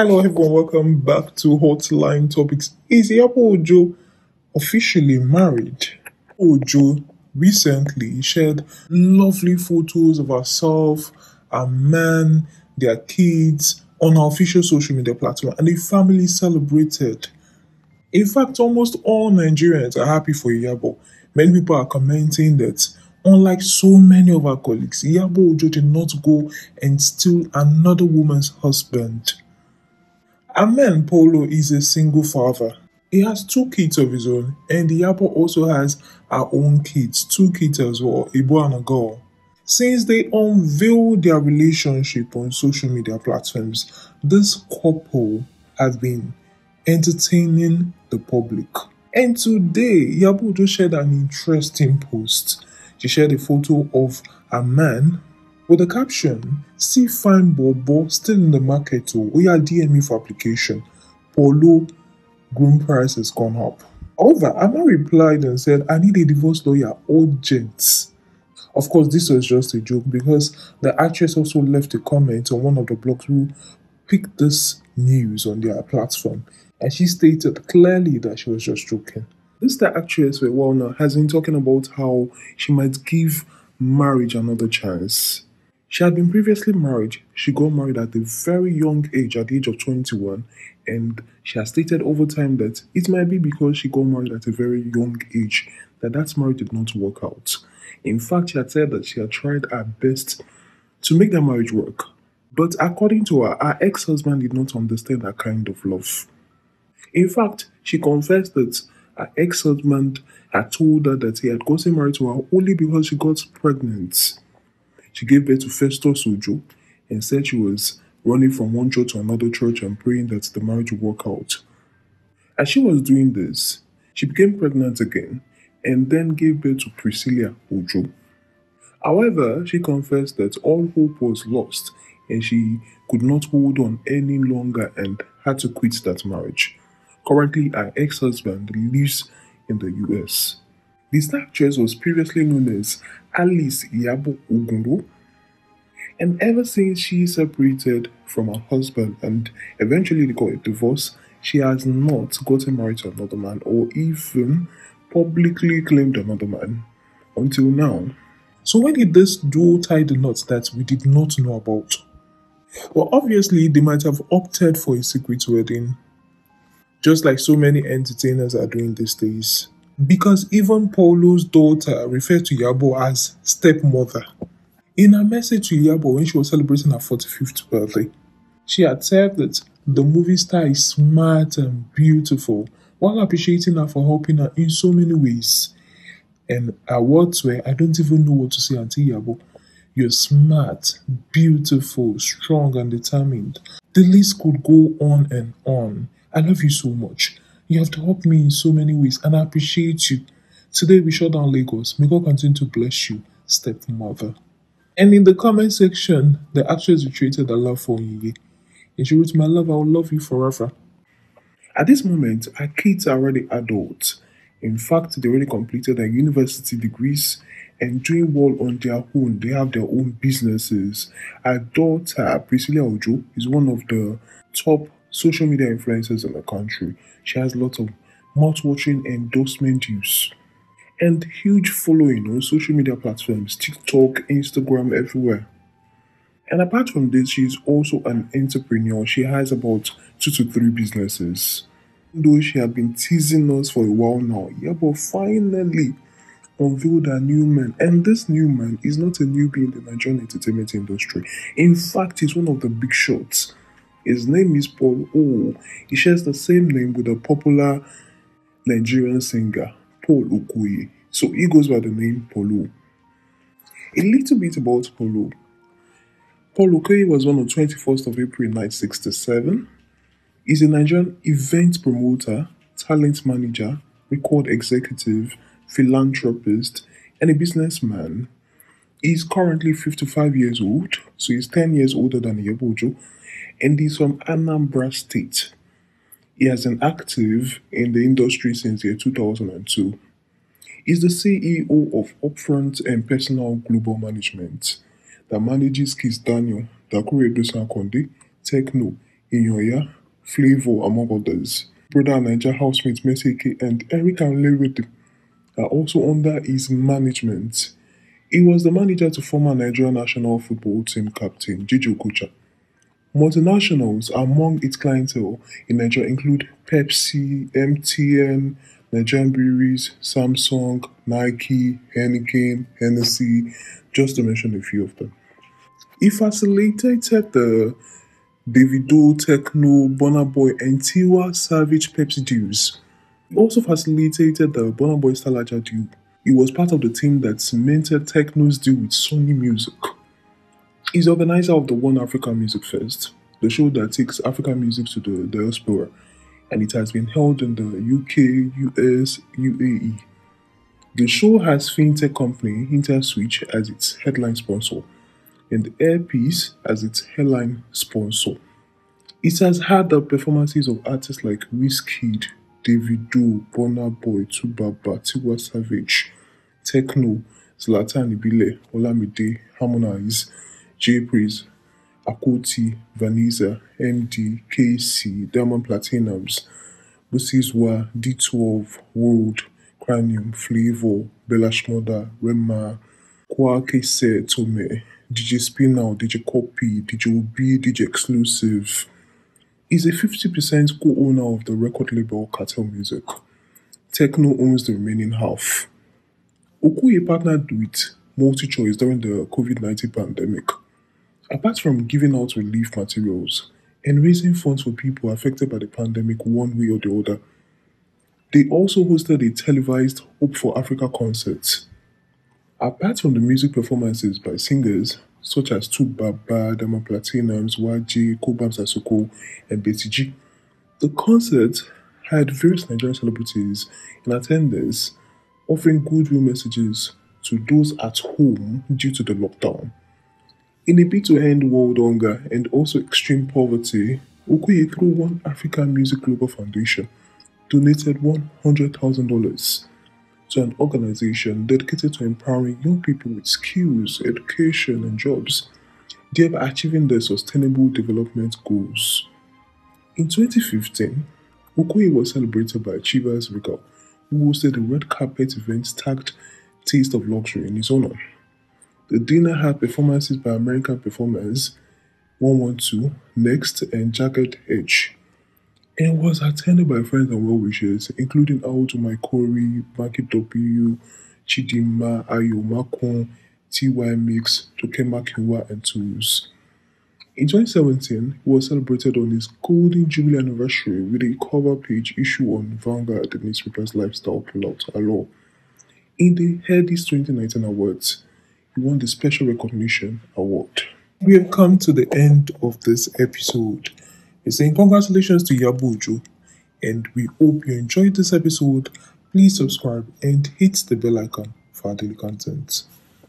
Hello, everyone. Welcome back to Hotline Topics. Is Yabo Ojo officially married? Ojo recently shared lovely photos of herself, her man, their kids on her official social media platform, and the family celebrated. In fact, almost all Nigerians are happy for Yabo. Many people are commenting that Unlike so many of our colleagues, Iyabo Ojo did not go and steal another woman's husband. Amen Polo is a single father. He has two kids of his own, and Diabo also has her own kids, two kids as well, boy and a girl. Since they unveiled their relationship on social media platforms, this couple has been entertaining the public. And today, Yabo just shared an interesting post. She shared a photo of a man with the caption See Fine Bobo still in the market too. We oh are DME for application. Polo groom price has gone up. However, Amma replied and said, I need a divorce lawyer urgent. Of course, this was just a joke because the actress also left a comment on one of the blogs who picked this news on their platform and she stated clearly that she was just joking. This the actress well known has been talking about how she might give marriage another chance. She had been previously married. She got married at a very young age, at the age of 21, and she has stated over time that it might be because she got married at a very young age that that marriage did not work out. In fact, she had said that she had tried her best to make that marriage work, but according to her, her ex husband did not understand that kind of love. In fact, she confessed that her ex husband had told her that he had gotten married to her only because she got pregnant. She gave birth to Festus Ojo and said she was running from one church to another church and praying that the marriage would work out. As she was doing this, she became pregnant again and then gave birth to Priscilla Ojo. However, she confessed that all hope was lost and she could not hold on any longer and had to quit that marriage. Currently, her ex husband lives in the US. This actress was previously known as Alice Yabo Oguro. And ever since she separated from her husband and eventually they got a divorce, she has not gotten married to another man or even publicly claimed another man until now. So, why did this duo tie the knot that we did not know about? Well, obviously, they might have opted for a secret wedding, just like so many entertainers are doing these days because even Paulo's daughter referred to Yabo as stepmother. In her message to Yabo when she was celebrating her 45th birthday, she had said that the movie star is smart and beautiful while appreciating her for helping her in so many ways. And her words were, I don't even know what to say, Auntie Yabo. You're smart, beautiful, strong, and determined. The list could go on and on. I love you so much. You have helped me in so many ways, and I appreciate you. Today we shut down Lagos. May God continue to bless you, stepmother. And in the comment section, the actress retreated the love for Yeye. And she wrote, My love, I will love you forever. At this moment, our kids are already adults. In fact, they already completed their university degrees and doing well on their own. They have their own businesses. Our daughter, Priscilla Ojo, is one of the top social media influencers in the country. She has lots of mouth-watering endorsement use and huge following on social media platforms, TikTok, Instagram, everywhere. And apart from this, she's also an entrepreneur. She has about two to three businesses. Though she had been teasing us for a while now, yeah, but finally unveiled a new man. And this new man is not a newbie in the Nigerian entertainment industry. In fact, he's one of the big shots his name is Paul O. He shares the same name with a popular Nigerian singer, Paul Okoye. So he goes by the name Polo. A little bit about Polo. Paul Okoye was born on 21st of April 1967. He's a Nigerian event promoter, talent manager, record executive, philanthropist, and a businessman. He's currently 55 years old, so he's 10 years older than Yebojo, and he's from Anambra State. He has been active in the industry since year 2002. He's the CEO of Upfront and Personal Global Management that manages Kiss Daniel, Dakure Dosankonde, Techno, Inyoya, Flavor, among others. Brother Niger housemate Meseke and Eric and are also under his management. He was the manager to former Nigerian national football team captain Gigi Okucha Multinationals among its clientele in Nigeria include Pepsi, MTN, Nigerian breweries, Samsung, Nike, Heineken, Hennessy, just to mention a few of them. He facilitated the Davido, Techno, Bonaboy, and Tiwa Savage Pepsi deals. He also facilitated the Bonaboy Stalaja deal. He was part of the team that cemented Techno's deal with Sony Music. He's the organizer of the One Africa Music Fest, the show that takes African music to the diaspora, and it has been held in the UK, US, UAE. The show has fintech company InterSwitch as its headline sponsor and the Airpiece as its headline sponsor. It has had the performances of artists like Wizkid, Davido, Burna Boy, Tuba, Tiwa Savage, Techno, Zlatan Ibile, Olamide, Harmonize, Jabris, Akoti, Vanessa, MD, KC, Diamond Platinums, Busiswa, D12, World, Cranium, Flavor, Bella Schmoda, Rema, Kwake Tome, DJ Spinal, DJ Copy, DJ OB, DJ Exclusive. Is a 50% co owner of the record label Cartel Music. Techno owns the remaining half. Okuye partnered with Multi Choice during the COVID 19 pandemic. Apart from giving out relief materials and raising funds for people affected by the pandemic one way or the other, they also hosted a televised Hope for Africa concert. Apart from the music performances by singers such as Tubaba, Dama Platinums, YG, Kobam Sasuko, and Betty G, the concert had various Nigerian celebrities in attendance offering goodwill messages to those at home due to the lockdown. In a bid to end world hunger and also extreme poverty, Okoye, through One Africa Music Global Foundation, donated $100,000 to an organization dedicated to empowering young people with skills, education, and jobs, thereby achieving their sustainable development goals. In 2015, Okoye was celebrated by Chivas Regal, who hosted a red carpet event tagged Taste of Luxury in his honor. The dinner had performances by American performers 112, Next, and Jacket Edge, and was attended by friends and well-wishers, including Auto Maikori, Banky W, Chidima, Ayo Makon, TY Mix, Tokema and Tools. In 2017, he was celebrated on his Golden Jubilee anniversary with a cover page issue on Vanguard, the newspaper's lifestyle plot, Allo. In the Headies 2019 Awards, won the Special Recognition Award. We have come to the end of this episode. We're saying congratulations to Yabujo, and we hope you enjoyed this episode. Please subscribe and hit the bell icon for daily content.